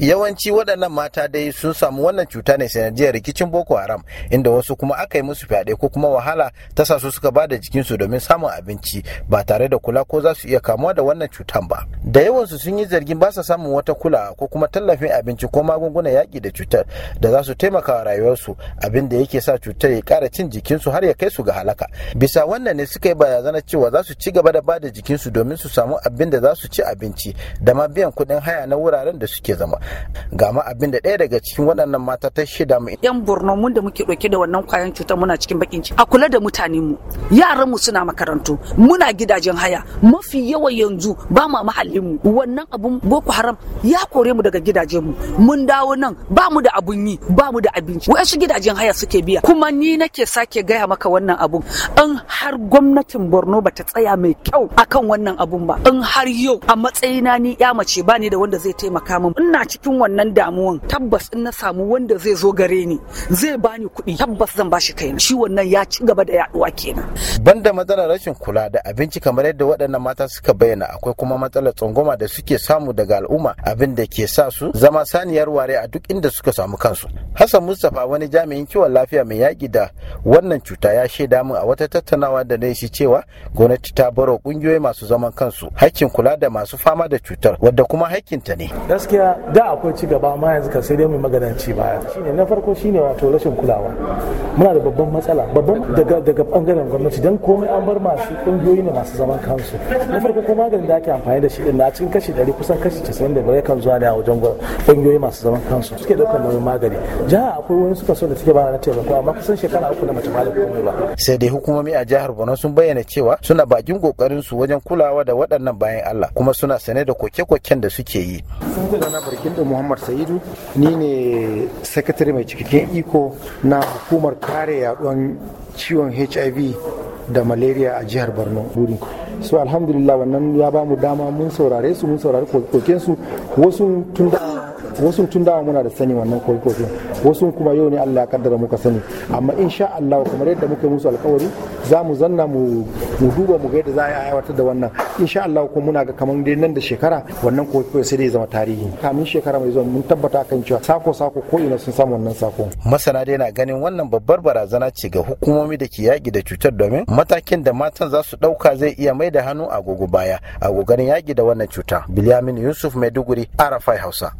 yawanci waɗannan mata dai sun samu wannan cuta ne sanadiyar rikicin boko haram inda wasu kuma aka yi musu fyaɗe ko kuma wahala ta sa su suka ba da jikinsu domin samun abinci ba tare da kula ko za su iya kamuwa da wannan cutan ba da yawansu sun yi zargin ba sa samun wata kula ko kuma tallafin abinci ko magunguna yaƙi da cutar da za su taimaka wa rayuwarsu abin da yake sa cutar ya ƙara cin jikinsu har ya kai su ga halaka bisa wannan ne suka yi barazana cewa za su ci gaba da bada jikinsu domin su samu abin da za su ci abinci da ma biyan kuɗin haya na wuraren da suke zama ga ma abin da ɗaya daga cikin waɗannan mata ta shida mu yan borno mun da muke ɗauke da wannan kwayan cutar muna cikin bakin a kula da mutanen mu yaran mu suna makarantu muna gidajen haya mafi yawa yanzu ba ma mahalli mu wannan abun boko haram ya kore mu daga gidajen mu mun dawo nan ba mu da abun yi ba mu da abinci wasu gidajen haya suke biya kuma ni nake sake gaya maka wannan abun in har gwamnatin borno bata tsaya mai kyau akan wannan abun ba in har yau a matsayina ni ya mace ba ni da wanda zai taimaka min ina cikin wannan damuwan tabbas in na samu wanda zai zo gare ni zai bani kuɗi tabbas zan bashi kaina shi wannan ya ci gaba da yaduwa kenan banda matsalar rashin kula da abinci kamar yadda waɗannan mata suka bayyana akwai kuma matsalar tsangwama da suke samu daga al'umma abin da ke sa su zama saniyar ware a duk inda suka samu kansu hassan mustapha wani jami'in kiwon lafiya mai yaƙi da wannan cuta ya shaida min a wata tattaunawa da na shi cewa gwamnati ta baro ƙungiyoyi masu zaman kansu hakkin kula da masu fama da cutar wadda kuma ta ne gaskiya da akwai ci gaba amma yanzu kan sai dai mu magananci baya shine na farko shine wato rashin kulawa muna da babban matsala babban daga daga bangaren gwamnati dan komai an bar masu ƙungiyoyi ne masu zaman kansu na farko ko maganin da ake amfani da shi din waɗanda a cikin kashi ɗari kusan kashi da 95 kan zuwa da wajen ƙungiyoyi masu zaman kansu suke ɗaukar nauyin magani jiha akwai wani suka so da suke ba na taimako amma kusan shekara uku na mace malam komai ba sai dai hukumomi a jihar Borno sun bayyana cewa suna bakin kokarin su wajen kulawa da waɗannan bayan Allah kuma suna sane da koke-koken da suke yi sunana barkin da Muhammad Sa'idu ni ne sakatare mai cikakken iko na hukumar kare yaduwan ciwon HIV da malaria a jihar borno so alhamdulillah wannan ya ba mu dama mun saurare su mun saurari koken su wasu tun da dawa muna da sani wannan kokokin wasu kuma yau ne Allah ya kaddara muka sani amma insha Allah kamar yadda muka musu alkawari za mu zanna mu mu duba mu ga yadda za a yi aiwatar da wannan insha Allah ko muna ga kamar dai nan da shekara wannan ko sai dai zama tarihi kamin shekara mai zuwa mun tabbata kan cewa sako sako ko ina sun samu wannan sako masana dai na ganin wannan babbar barazana ce ga hukumomi da ke yaki da cutar domin matakin da matan za su dauka zai iya mai da hannu agogo baya a gogarin yaki da wannan cuta bilyamin yusuf maiduguri arafai hausa